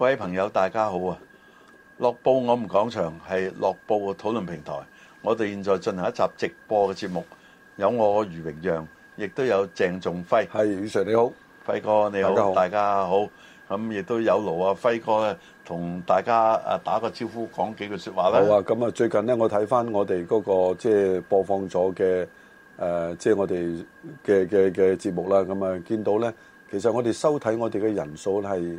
各位朋友，大家好啊！樂報我唔講場，係樂報嘅討論平台。我哋現在進行一集直播嘅節目，有我余榮讓，亦都有鄭仲輝。係余 Sir 你好，輝哥你好，大家好。咁亦都有勞啊，輝哥同大家啊打個招呼，講幾句說話啦。好啊！咁啊，最近咧，我睇翻我哋嗰個即係播放咗嘅誒，即係我哋嘅嘅嘅節目啦。咁啊，見到咧，其實我哋收睇我哋嘅人數係。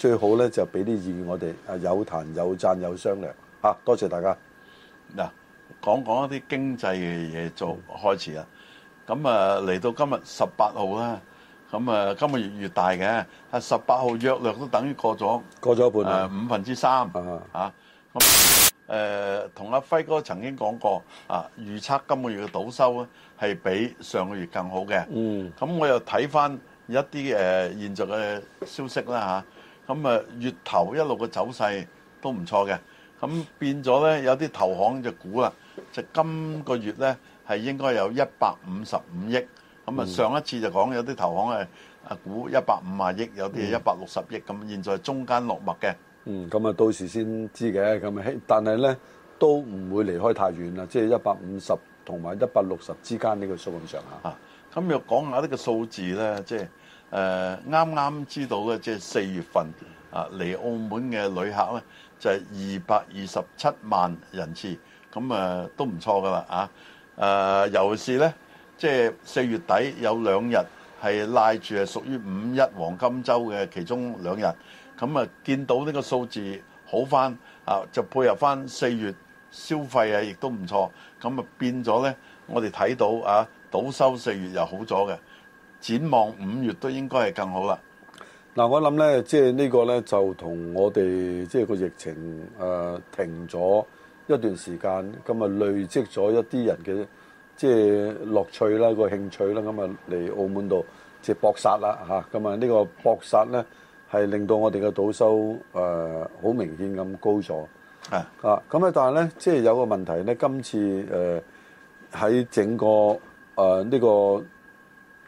最好咧就俾啲意見我哋，啊，有談有讚有商量嚇，多謝大家。嗱，講講一啲經濟嘅嘢做開始啦。咁啊，嚟到今日十八號啦，咁啊，今個月月大嘅啊，十八號約略都等於過咗過咗一半啊，五分之三啊嚇。誒，同阿輝哥曾經講過啊，預測今個月嘅倒收咧係比上個月更好嘅。嗯，咁我又睇翻一啲誒現時嘅消息啦嚇。咁啊，月頭一路嘅走勢都唔錯嘅。咁變咗咧，有啲投行就估啦，就今個月咧係應該有一百五十五億。咁啊，上一次就講有啲投行係估一百五十億，有啲係一百六十億。咁現在中間落墨嘅。嗯，咁啊，到時先知嘅。咁啊，但係咧都唔會離開太遠啦，即係一百五十同埋一百六十之間呢個數量上下。啊，咁又講下呢個數字咧，即係。誒啱啱知道咧，即係四月份啊嚟澳門嘅旅客咧，就係二百二十七萬人次，咁啊都唔錯噶啦啊！誒，尤其是咧，即係四月底有兩日係拉住係屬於五一黃金周嘅其中兩日，咁啊見到呢個數字好翻啊，就配合翻四月消費啊，亦都唔錯，咁啊變咗咧，我哋睇到啊，倒收四月又好咗嘅。展望五月都應該係更好啦。嗱，我諗咧，即係呢個咧就同我哋即係個疫情誒、呃、停咗一段時間，咁啊累積咗一啲人嘅即係樂趣啦、這個興趣啦，咁啊嚟澳門度即係搏殺啦嚇，咁啊、這個、呢個搏殺咧係令到我哋嘅賭收誒好、呃、明顯咁高咗。係啊，咁啊但係咧，即、這、係、個、有個問題咧，今次誒喺、呃、整個誒呢、呃這個。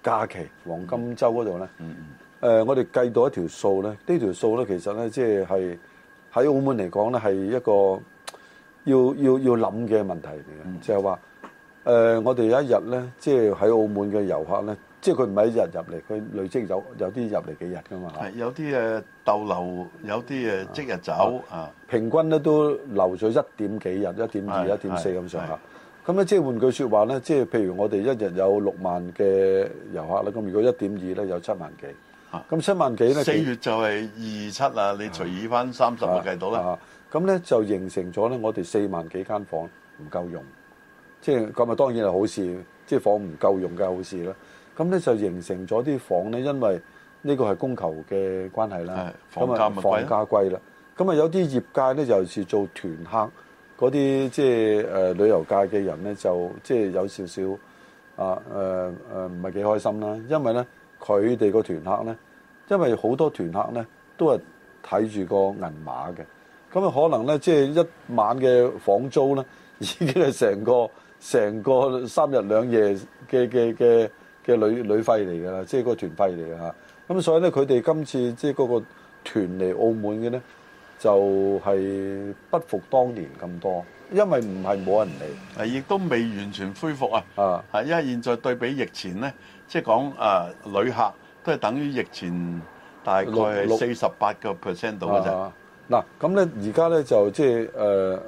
假期黃金週嗰度咧，誒我哋計到一條數咧，呢條數咧其實咧即係喺澳門嚟講咧係一個要要要諗嘅問題嚟嘅，就係話誒我哋有一日咧，即係喺澳門嘅遊客咧，即係佢唔係一日入嚟，佢累積有有啲入嚟幾日㗎嘛嚇。係有啲誒逗留，有啲誒即日走啊。平均咧都留咗一點幾日、一點二、一點四咁上下。咁咧，即係換句說話咧，即係譬如我哋一日有六萬嘅遊客啦，咁如果一點二咧，有、啊、七萬幾，咁七萬幾咧，四月就係二七啊，你除以翻三十日計到啦。咁、嗯、咧就形成咗咧，我哋四萬幾間房唔夠用，即係咁啊，當然係好事，即係房唔夠用嘅好事啦。咁、嗯、咧就形成咗啲房咧，因為呢個係供求嘅關係啦，咁啊房價貴啦，咁啊有啲業界咧尤其係做團客。嗰啲即係誒旅遊界嘅人咧，就即係有少少啊誒誒，唔係幾開心啦，因為咧佢哋個團客咧，因為好多團客咧都係睇住個銀碼嘅，咁啊可能咧即係一晚嘅房租咧，已經係成個成個三日兩夜嘅嘅嘅嘅旅旅費嚟㗎啦，即係個團費嚟㗎嚇。咁所以咧，佢哋今次即係嗰個團嚟澳門嘅咧。就係不復當年咁多，因為唔係冇人嚟，係亦都未完全恢復啊！啊，係因為現在對比疫前咧，即係講啊，旅客都係等於疫前大概係四十八個 percent 度嘅啫。嗱，咁咧而家咧就即係誒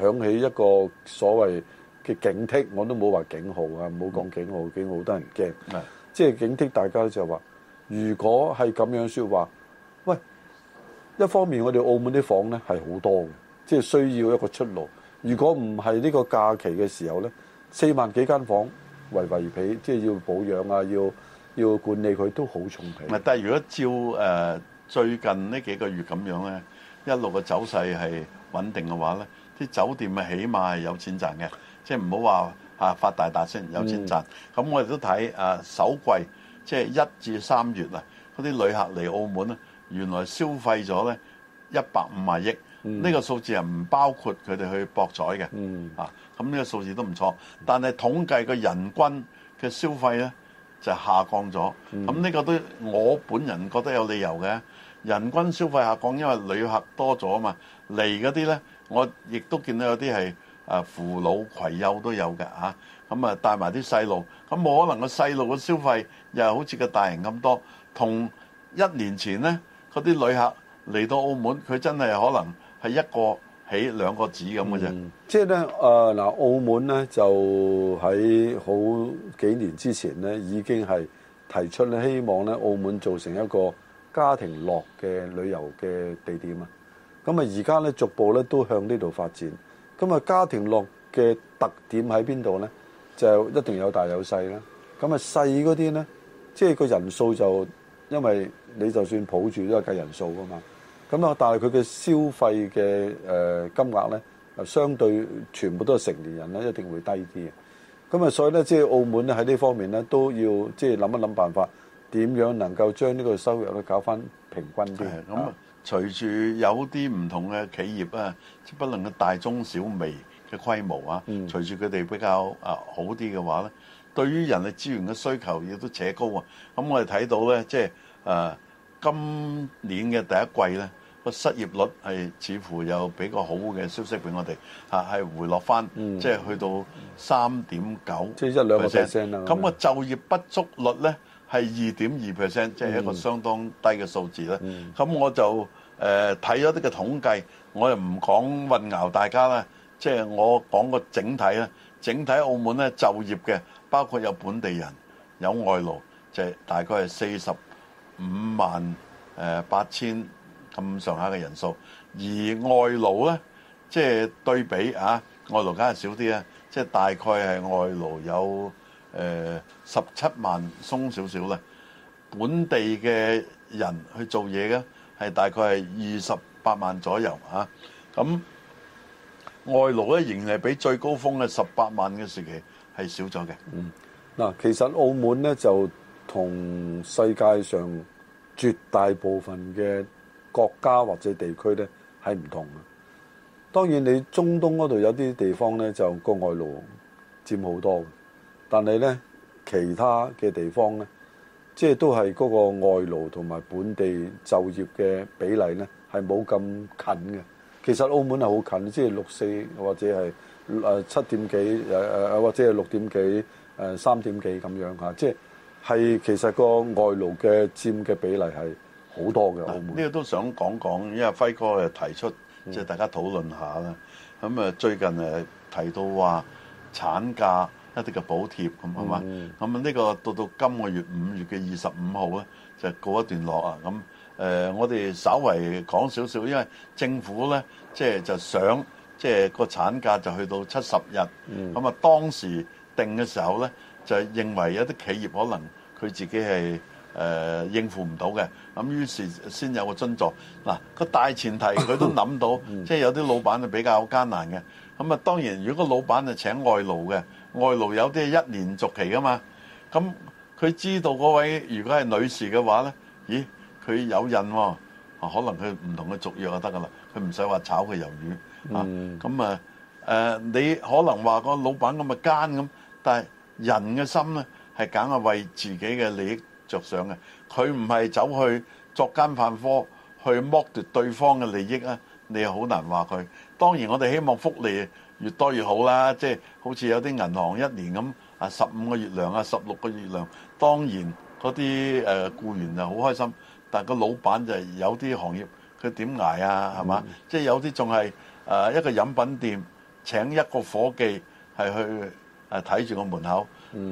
響起一個所謂嘅警惕，我都冇話警號啊，唔好講警號，警號好多人驚。係，即係警惕大家就話，如果係咁樣説話，喂。一方面，我哋澳門啲房呢係好多嘅，即係需要一個出路。如果唔係呢個假期嘅時候呢，四萬幾間房維維皮，即係要保養啊，要要管理佢都好重皮。唔係，但係如果照誒最近呢幾個月咁樣呢，一路嘅走勢係穩定嘅話呢，啲酒店啊起碼係有錢賺嘅，即係唔好話嚇發大達先有錢賺。咁我哋都睇誒首季，即係一至三月啊，嗰啲旅客嚟澳門呢。原來消費咗呢一百五十億，呢、嗯這個數字係唔包括佢哋去博彩嘅、嗯，啊咁呢、這個數字都唔錯，但係統計個人均嘅消費呢，就下降咗，咁、嗯、呢、這個都我本人覺得有理由嘅。人均消費下降，因為旅客多咗嘛，嚟嗰啲呢，我亦都見到有啲係啊扶老攜幼都有嘅，咁啊帶埋啲細路，咁、啊、冇可能個細路嘅消費又好似個大人咁多，同一年前呢。嗰啲旅客嚟到澳門，佢真係可能係一個起兩個子咁嘅啫。即係咧，誒、呃、嗱，澳門咧就喺好幾年之前咧，已經係提出咧希望咧，澳門做成一個家庭樂嘅旅遊嘅地點啊。咁、嗯、啊，而家咧逐步咧都向呢度發展。咁、嗯、啊，家庭樂嘅特點喺邊度咧？就一定有大有細啦。咁、嗯、啊，細嗰啲咧，即係個人數就因為。你就算抱住都係計人數㗎嘛，咁啊，但係佢嘅消費嘅誒金額咧，啊，相對全部都係成年人咧，一定會低啲嘅。咁啊，所以咧，即係澳門咧喺呢方面咧，都要即係諗一諗辦法，點樣能夠將呢個收入咧搞返平均啲。咁啊，隨住有啲唔同嘅企業啊，不論嘅大中小微嘅規模啊，隨住佢哋比較啊好啲嘅話咧，對於人力資源嘅需求亦都扯高啊。咁、嗯嗯、我哋睇到咧，即係啊～、呃今年嘅第一季咧，個失業率係似乎有比較好嘅消息俾我哋，嚇係回落翻，即係去到三點九 percent，咁個就業不足率咧係二點二 percent，即係一個相當低嘅數字咧。咁我就誒睇咗啲嘅統計，我又唔講混淆大家啦，即係我講個整體咧，整體澳門咧就業嘅，包括有本地人有外勞，就係大概係四十五萬誒八千咁上下嘅人數，而外勞咧，即係對比啊，外勞梗係少啲啦，即係大概係外勞有誒十七萬鬆少少咧，本地嘅人去做嘢嘅係大概係二十八萬左右啊，咁外勞咧仍然係比最高峰嘅十八萬嘅時期係少咗嘅。嗯，嗱，其實澳門咧就。同世界上絕大部分嘅國家或者地區呢係唔同嘅。當然，你中東嗰度有啲地方呢，就嗰個外勞佔好多，但係呢，其他嘅地方呢，即係都係嗰個外勞同埋本地就業嘅比例呢，係冇咁近嘅。其實澳門係好近，即係六四或者係誒七點幾誒誒，或者係六點幾誒三點幾咁樣嚇，即係。係，其實個外勞嘅佔嘅比例係好多嘅。呢、啊這個都想講講，因為輝哥提出，即係大家討論下啦。咁、嗯、最近提到話產假一啲嘅補貼咁啊嘛。咁呢、嗯這個到到今個月五月嘅二十五號咧，就告一段落啊。咁、呃、我哋稍微講少少，因為政府咧，即、就、係、是、就想即係、就是、個產假就去到七十日。咁、嗯、啊，當時定嘅時候咧。就係認為有啲企業可能佢自己係誒、呃、應付唔到嘅，咁於是先有個尊重。嗱、啊、個大前提佢都諗到，嗯、即係有啲老闆就比較艱難嘅。咁啊，當然如果個老闆係請外勞嘅，外勞有啲係一年續期噶嘛。咁、啊、佢知道嗰位如果係女士嘅話呢，咦佢有孕喎、哦啊，可能佢唔同佢續約就得噶啦，佢唔使話炒佢魷魚。啊、嗯。咁啊誒、啊，你可能話個老闆咁啊奸咁，但係。人嘅心咧，係梗係為自己嘅利益著想嘅。佢唔係走去作奸犯科去剝奪對方嘅利益啊！你又好難話佢。當然，我哋希望福利越多越好啦。即係好似有啲銀行一年咁啊，十五個月糧啊，十六個月糧。當然嗰啲誒僱員就好開心，但係個老闆就係有啲行業佢點捱啊？係嘛？即係有啲仲係誒一個飲品店請一個伙記係去。誒，睇住個門口，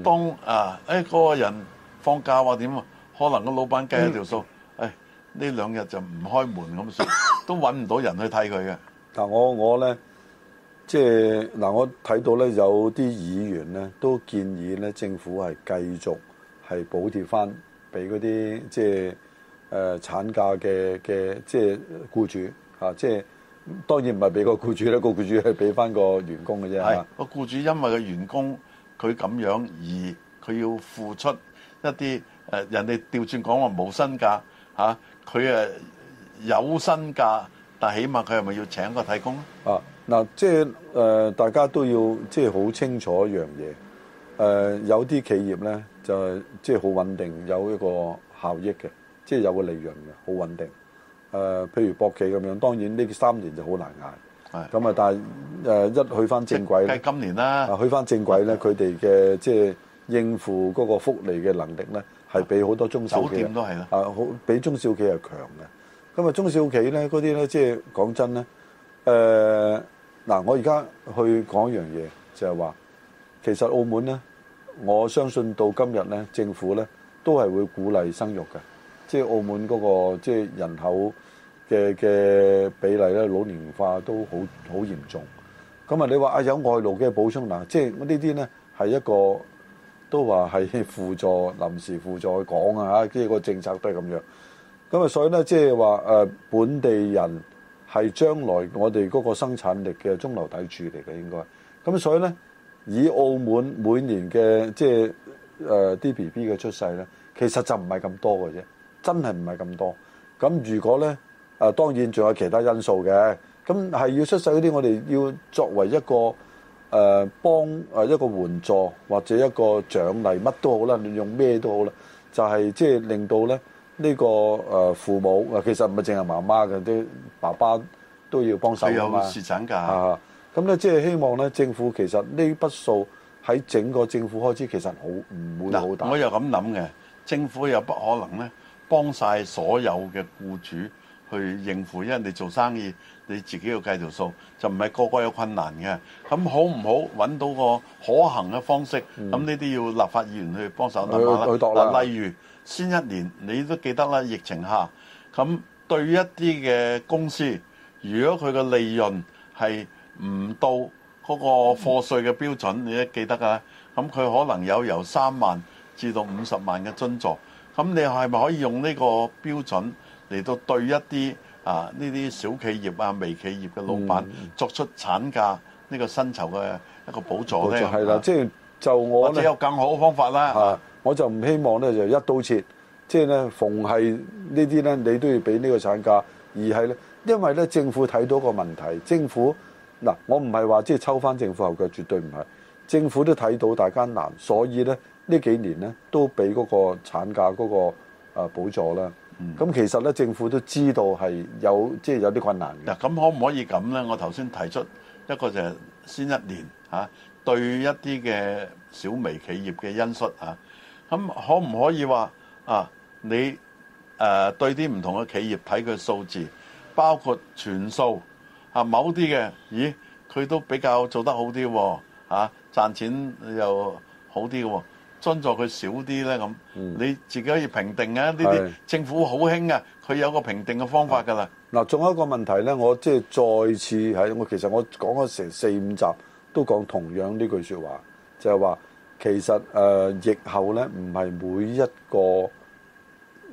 當啊，誒、哎，嗰、那個人放假啊，點啊？可能個老闆計下條數，誒、嗯，呢兩日就唔開門咁算，都揾唔到人去睇佢嘅。但我我咧，即係嗱，我睇、就是、到咧有啲議員咧都建議咧政府係繼續係補貼翻俾嗰啲即係產假嘅嘅即係僱主即、啊就是當然唔係俾個僱主啦，個僱主係俾翻個員工嘅啫。係個僱主因為個員工佢咁樣而佢要付出一啲誒人哋調轉講話冇身價嚇，佢誒有身價，但係起碼佢係咪要請個替工呢啊？嗱，即係誒、呃、大家都要即係好清楚一樣嘢誒，有啲企業咧就即係好穩定，有一個效益嘅，即係有個利潤嘅，好穩定。誒，譬如博企咁樣，當然呢三年就好難捱，咁啊，但係誒一去翻正軌咧，今年啦，去翻正軌咧，佢哋嘅即係應付嗰個福利嘅能力咧，係比好多中小企，酒店都係啦，啊好比中小企係強嘅，咁啊中小企咧嗰啲咧，即係講真咧，誒嗱，我而家去講一樣嘢，就係話其實澳門咧，我相信到今日咧，政府咧都係會鼓勵生育嘅，即係澳門嗰個即係人口。嘅嘅比例咧，老年化都好好嚴重。咁啊，你話啊有外勞嘅補充能力，即係呢啲咧係一個都話係輔助、臨時輔助去講啊，嚇，即係個政策都係咁樣。咁啊，所以咧，即係話誒本地人係將來我哋嗰個生產力嘅中流砥柱嚟嘅，應該咁啊。所以咧，以澳門每年嘅即係誒啲 B B 嘅出世咧，其實就唔係咁多嘅啫，真係唔係咁多。咁如果咧？誒當然仲有其他因素嘅，咁係要出世嗰啲，我哋要作為一個誒、呃、幫、呃、一個援助或者一個獎勵乜都好啦，你用咩都好啦，就係即係令到咧呢、呢個誒、呃、父母啊，其實唔係淨係媽媽嘅，啲爸爸都要幫手有蝕診㗎。咁咧，即係希望咧，政府其實呢筆數喺整個政府開支其實好唔會好大。我又咁諗嘅，政府又不可能咧幫晒所有嘅僱主。去應付，因為你做生意，你自己要計條數，就唔係個,個個有困難嘅。咁好唔好揾到個可行嘅方式？咁呢啲要立法議員去幫手諗下啦。例如先一年，你都記得啦，疫情下，咁對一啲嘅公司，如果佢嘅利潤係唔到嗰個課稅嘅標準，嗯、你都記得㗎。咁佢可能有由三萬至到五十萬嘅津助，咁你係咪可以用呢個標準？嚟到對一啲啊呢啲小企業啊微企業嘅老闆、嗯、作出產假呢、呢個薪酬嘅一個補助咧，啦、嗯，即、就、係、是啊就是、就我咧，或者有更好方法啦。啊，我就唔希望咧就一刀切，即係咧逢係呢啲咧你都要俾呢個產假，而係咧因為咧政府睇到一個問題，政府嗱我唔係話即係抽翻政府後腳，絕對唔係，政府都睇到大家難，所以咧呢幾年咧都俾嗰個產假嗰個啊補助啦。咁、嗯、其實咧，政府都知道係有即係、就係、有啲困難嘅。嗱、嗯，咁可唔可以咁咧？我頭先提出一個就係先一年嚇、啊，對一啲嘅小微企業嘅因素嚇，咁、啊、可唔可以話啊？你誒、呃、對啲唔同嘅企業睇佢數字，包括全數啊，某啲嘅，咦，佢都比較做得好啲喎，啊，賺錢又好啲嘅喎。幫助佢少啲咧咁，你自己可以評定啊！呢、嗯、啲政府好興啊，佢有個評定嘅方法噶啦、嗯。嗱，仲有一個問題呢，我即係再次喺我其實我講咗成四五集都講同樣呢句説話，就係、是、話其實誒、呃、疫後呢，唔係每一個誒、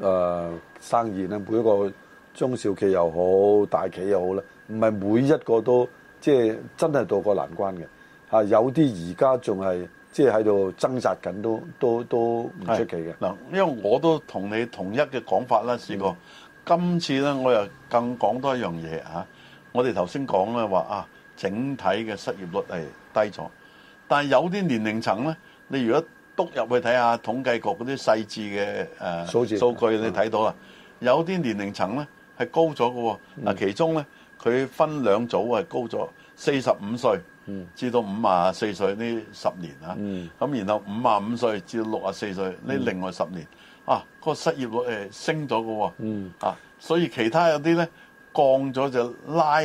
呃、生意呢，每一個中小企又好，大企又好咧，唔係每一個都即係真係渡過難關嘅。嚇、啊，有啲而家仲係。即係喺度掙扎緊，都都都唔出奇嘅。嗱，因為我都同你同一嘅講法啦，試過。嗯、今次咧，我又更講多一樣嘢嚇。我哋頭先講咧話啊，整體嘅失業率係低咗，但係有啲年齡層咧，你如果督入去睇下統計局嗰啲細緻嘅誒數字數據，數你睇到啦。有啲年齡層咧係高咗㗎喎。嗱、嗯，其中咧佢分兩組係高咗，四十五歲。嗯，至到五啊四歲呢十年啦，咁然後五啊五歲至到六啊四歲呢另外十年，啊、那個失業率誒升咗嘅喎，啊所以其他有啲咧降咗就拉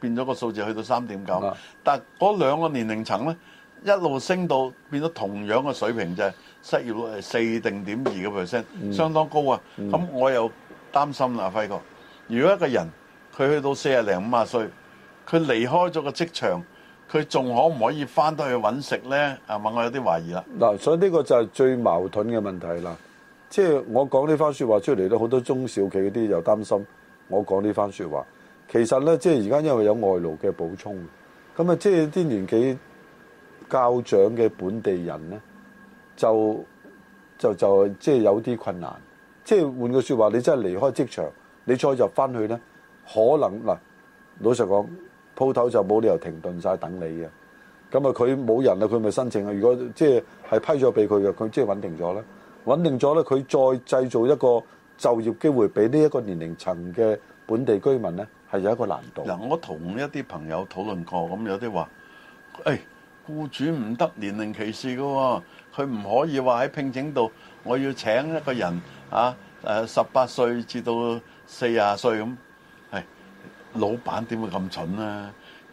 變咗個數字去到三點九，但係嗰兩個年齡層咧一路升到變咗同樣嘅水平就係、是、失業率係四定點二嘅 percent，相當高啊，咁、嗯、我又擔心啦，輝哥，如果一個人佢去到四啊零五啊歲，佢離開咗個職場。佢仲可唔可以翻到去揾食咧？問我有啲懷疑啦。嗱，所以呢個就係最矛盾嘅問題啦。即係我講呢番説話出嚟，都好多中小企嗰啲又擔心我講呢番説話。其實咧，即係而家因為有外勞嘅補充，咁啊，即係啲年紀較長嘅本地人咧，就就就即係有啲困難。即係換句説話，你真係離開職場，你再入翻去咧，可能嗱，老實講。鋪頭就冇理由停頓曬等你嘅，咁啊佢冇人啦，佢咪申請啊？如果即係批咗俾佢嘅，佢即係穩定咗啦。穩定咗咧，佢再製造一個就業機會俾呢一個年齡層嘅本地居民咧，係有一個難度。嗱，我同一啲朋友討論過，咁有啲話，誒，僱主唔得年齡歧視㗎喎，佢唔可以話喺聘請度，我要請一個人啊，誒，十八歲至到四十歲咁。老闆點會咁蠢咧？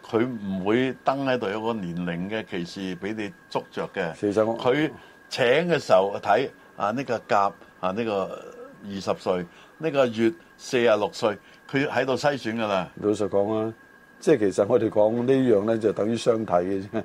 佢唔會登喺度有個年齡嘅歧視俾你捉着嘅，這個這個。其實佢請嘅時候睇啊，呢個甲啊，呢個二十歲呢個月四啊六歲，佢喺度篩選㗎啦。老實講啦，即係其實我哋講呢樣咧，就等於相睇嘅啫。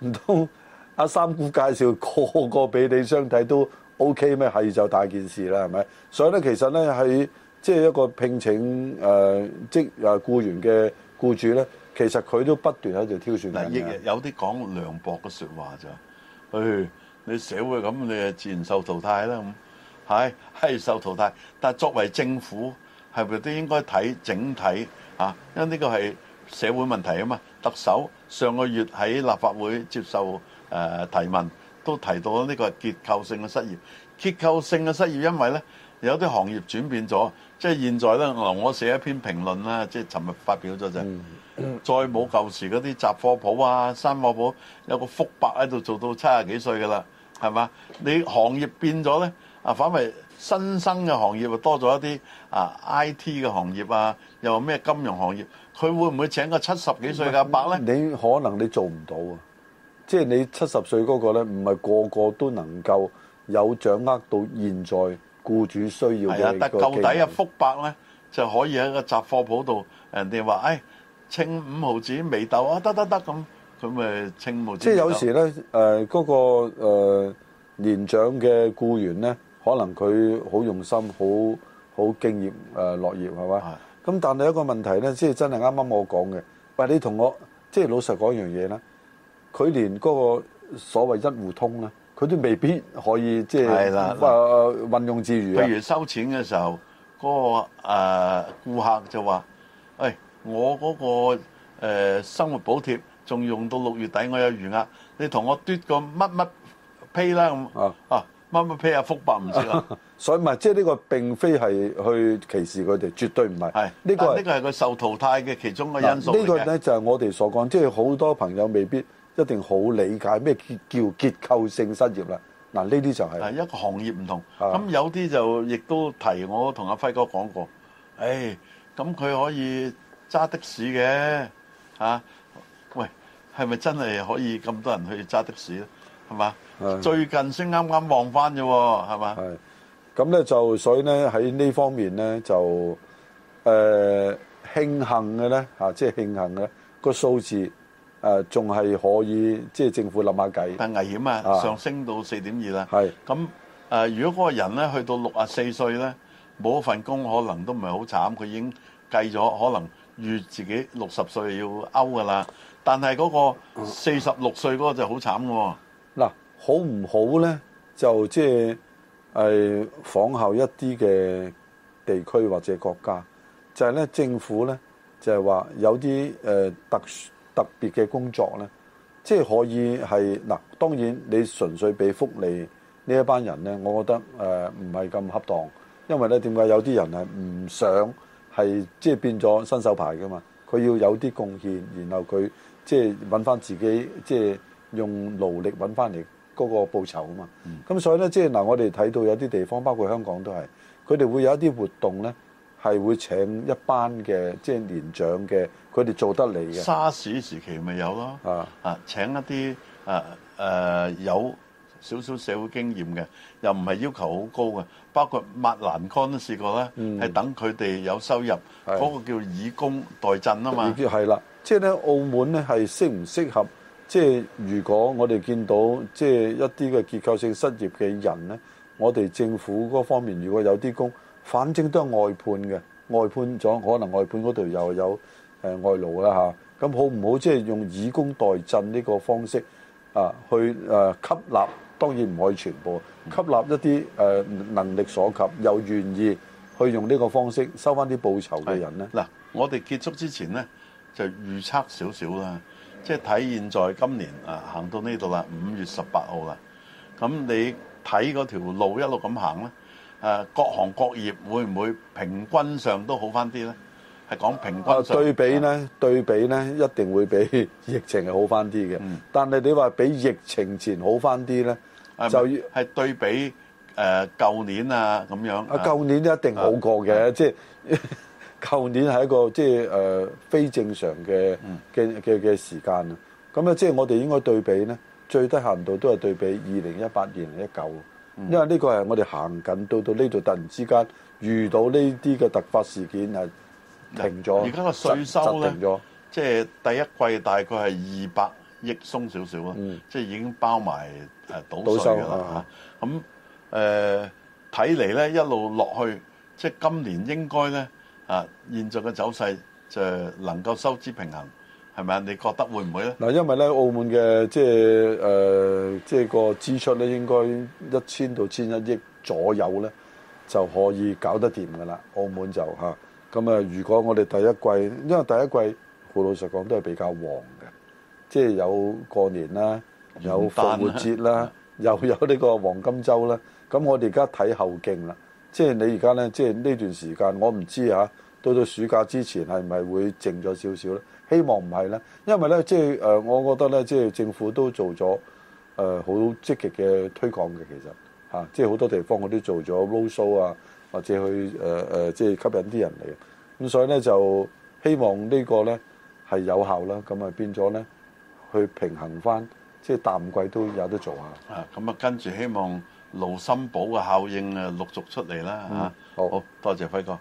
唔通阿三姑介紹個個俾你相睇都 O K 咩？係就大件事啦，係咪？所以咧，其實咧係。即係一個聘請誒即誒雇員嘅僱主咧，其實佢都不斷喺度挑選緊嘅。有啲講涼薄嘅說話就，誒你社會咁，你誒自然受淘汰啦咁，係係受淘汰。但作為政府，係咪都應該睇整體啊？因為呢個係社會問題啊嘛。特首上個月喺立法會接受誒提問，都提到呢個係結構性嘅失業。結構性嘅失業，因為咧有啲行業轉變咗。即係現在咧，嗱，我寫一篇評論啦，即係尋日發表咗就是嗯嗯，再冇舊時嗰啲雜貨鋪啊、山貨鋪，有個福伯喺度做到七十幾歲㗎啦，係嘛？你行業變咗咧，啊，反為新生嘅行業又多咗一啲啊，I T 嘅行業啊，又話咩金融行業，佢會唔會請個七十幾歲嘅阿伯咧？你可能你做唔到啊，即係你七十歲嗰個咧，唔係個個都能夠有掌握到現在。僱主需要嘅，但係到底啊，福伯咧就可以喺個雜貨鋪度，人哋話：，哎，清五毫紙未到啊，得得得咁，咁誒清五毫紙。即係有時咧，誒嗰個誒年長嘅僱員咧，可能佢好用心，好好經驗誒落業係嘛。咁但係一個問題咧，即係真係啱啱我講嘅，喂，你同我即係老實講一樣嘢啦。佢連嗰個所謂一戶通咧。佢都未必可以即係咁啊，啊運用自如。譬如收錢嘅時候，嗰、那個誒、呃、顧客就話：，喂、哎，我嗰、那個、呃、生活補貼仲用到六月底，我有餘額，你同我嘟個乜乜 pay 啦咁啊啊乜乜 pay a 啊，福伯唔知啦。所以唔係，即係呢個並非係去歧視佢哋，絕對唔係。係呢、這個呢個係個受淘汰嘅其中嘅因素、啊這個、呢個咧就係、是、我哋所講，即係好多朋友未必。一定好理解咩叫結構性失業啦？嗱，呢啲就係，係一個行業唔同。咁有啲就亦都提我同阿輝哥講過。誒，咁佢可以揸的士嘅嚇。喂，係咪真係可以咁多人去揸的士咧？係嘛？係。最近先啱啱望翻啫，係嘛？咁咧就所以咧喺呢方面咧就誒慶幸嘅咧嚇，即係慶幸嘅咧個數字。誒仲係可以，即係政府諗下計，但危險啊！啊上升到四點二啦，係咁誒。如果嗰個人咧去到六啊四歲咧，冇一份工，可能都唔係好慘。佢已經計咗，可能預自己六十歲要勾㗎啦。但係嗰個四十六歲嗰個就好慘喎。嗱，好唔好咧？就即係誒仿效一啲嘅地區或者國家，就係咧政府咧就係話有啲誒特殊。特別嘅工作呢，即係可以係嗱，當然你純粹俾福利呢一班人呢，我覺得誒唔係咁恰當，因為呢點解有啲人係唔想係即係變咗新手牌㗎嘛？佢要有啲貢獻，然後佢即係揾翻自己，即係用勞力揾翻嚟嗰個報酬啊嘛。咁、嗯、所以呢，即係嗱，我哋睇到有啲地方，包括香港都係，佢哋會有一啲活動呢，係會請一班嘅即係年長嘅。佢哋做得嚟嘅，沙士時期咪有咯啊啊！請一啲啊、呃、有少少社會經驗嘅，又唔係要求好高嘅，包括麥蘭康都試過啦，係、嗯、等佢哋有收入嗰個叫以工代賑啊嘛，係啦，即係咧澳門咧係適唔適合？即係如果我哋見到即係一啲嘅結構性失業嘅人咧，我哋政府嗰方面如果有啲工，反正都係外判嘅，外判咗可能外判嗰度又有。有誒外勞啦嚇，咁好唔好即係用以工代賑呢個方式啊去誒吸納？當然唔可以全部，吸納一啲誒能力所及又願意去用呢個方式收翻啲報酬嘅人呢嗱，我哋結束之前呢，就預測少少啦，即係睇現在今年啊行到呢度啦，五月十八號啦，咁你睇嗰條路一路咁行咧，誒、啊、各行各業會唔會平均上都好翻啲呢？係講平均。對比呢、啊，對比呢，一定會比疫情係好翻啲嘅。但係你話比疫情前好翻啲呢，啊、就係對比誒舊、呃、年啊咁樣。啊，舊年一定好過嘅，即係舊年係一個即係、即係呃、非正常嘅嘅嘅嘅時間啊。咁啊，即係我哋應該對比呢，最低限度都係對比二零一八、二零一九，因為呢個係我哋行緊到到呢度，突然之間遇到呢啲嘅突發事件、嗯停咗，而家個稅收咧，停即係第一季大概係二百億鬆少少咯，即係已經包埋誒賭稅噶啦嚇。咁誒睇嚟咧，一路落去，即係今年應該咧啊，現在嘅走勢就能夠收支平衡，係咪啊？你覺得會唔會咧？嗱，因為咧，澳門嘅即係誒，即、呃、係、個支出咧，應該一千到千一億左右咧，就可以搞得掂噶啦。澳門就、啊咁啊！如果我哋第一季，因為第一季，好老實講都係比較旺嘅，即係有過年啦，有復活節啦、啊，又有呢個黃金周啦。咁我哋而家睇後勁啦，即係你而家呢，即係呢段時間，我唔知啊，到到暑假之前係咪會靜咗少少咧？希望唔係咧，因為呢，即係我覺得呢，即係政府都做咗誒好積極嘅推廣嘅，其實、啊、即係好多地方我都做咗 road show 啊。或者去誒誒、呃呃，即係吸引啲人嚟，咁所以咧就希望這個呢個咧係有效啦，咁啊變咗咧去平衡翻，即係淡季都有得做下。啊，咁啊跟住希望盧森堡嘅效應啊陸續出嚟啦嚇。好好，多謝輝哥。